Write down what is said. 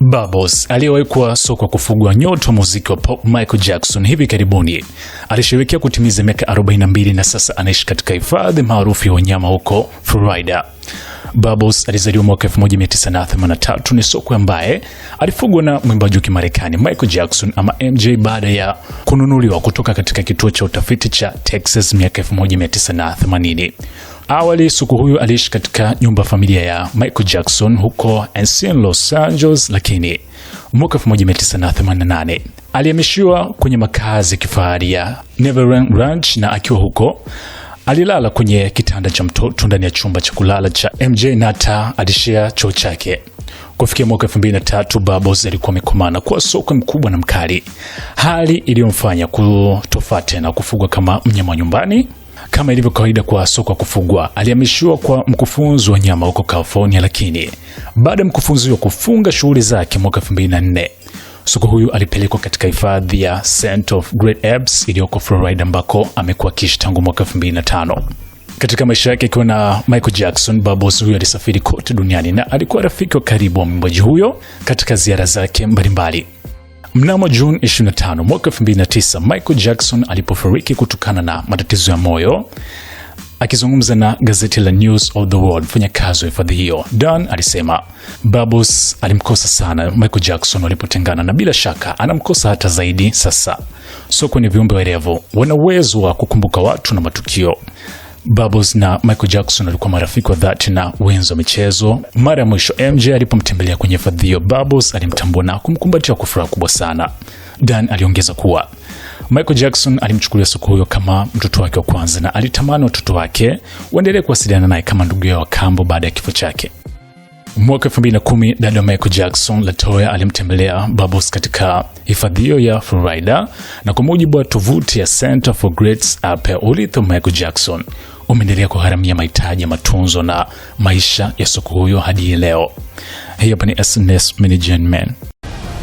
Bubbles aliyewahi kuwa sokwa kufugwa nyota muziki wa pop Michael Jackson hivi karibuni alisherekea kutimiza miaka 42 na sasa anaishi katika hifadhi maarufu ya wanyama huko Florida. Bubbles alizaliwa mwaka 1983. Ni sokwe ambaye alifugwa na mwimbaji wa Kimarekani Michael Jackson ama MJ baada ya kununuliwa kutoka katika kituo cha utafiti cha Texas miaka 1980. Awali suku huyu aliishi katika nyumba familia ya Michael Jackson huko Encino, Los Angeles, lakini mwaka 1988 alihamishiwa kwenye makazi kifahari ya Neverland Ranch na akiwa huko Alilala kwenye kitanda cha mtoto ndani ya chumba cha kulala cha MJ Nata alishia choo chake. Kufikia mwaka tatu babos alikuwa amekomana kuwa sokwe mkubwa na mkali, hali iliyomfanya kutofaa tena kufugwa kama mnyama nyumbani. Kama ilivyo kawaida kwa sokwe kufugwa, alihamishiwa kwa mkufunzi wa nyama huko California, lakini baada ya mkufunzi huyo kufunga shughuli zake mwaka 2004 Sokwe huyu alipelekwa katika hifadhi ya Saint of Great Abs iliyoko Florida ambako amekuwa akiishi tangu mwaka 2005. Katika maisha yake akiwa na Michael Jackson, Babos huyo alisafiri kote duniani na alikuwa rafiki wa karibu wa mwimbaji huyo katika ziara zake mbalimbali. Mnamo Juni 25 mwaka 2009, Michael Jackson alipofariki kutokana na matatizo ya moyo Akizungumza na gazeti la News of the World, mfanyakazi wa hifadhi hiyo Dan alisema Babus alimkosa sana Michael Jackson walipotengana, na bila shaka anamkosa hata zaidi sasa. Sokwe ni viumbe werevu, wana uwezo wa kukumbuka watu na matukio. Babus na Michael Jackson walikuwa marafiki wa dhati na wenzi wa michezo. Mara ya mwisho MJ alipomtembelea kwenye hifadhi hiyo, Babus alimtambua na kumkumbatia kwa furaha kubwa sana. Dan aliongeza kuwa Michael Jackson alimchukulia soko huyo kama mtoto wake wa kwanza na alitamani watoto wake waendelee kuwasiliana naye kama ndugu yao wa kambo baada ya kifo chake. Mwaka 2010 dada wa Michael Jackson Latoya alimtembelea babos katika hifadhi hiyo ya Florida, na kwa mujibu wa tovuti ya Center for Greats Ape, urithi wa Michael Jackson umeendelea kuharamia mahitaji ya matunzo na maisha ya soko huyo hadi leo. Hii hapa ni SNS Management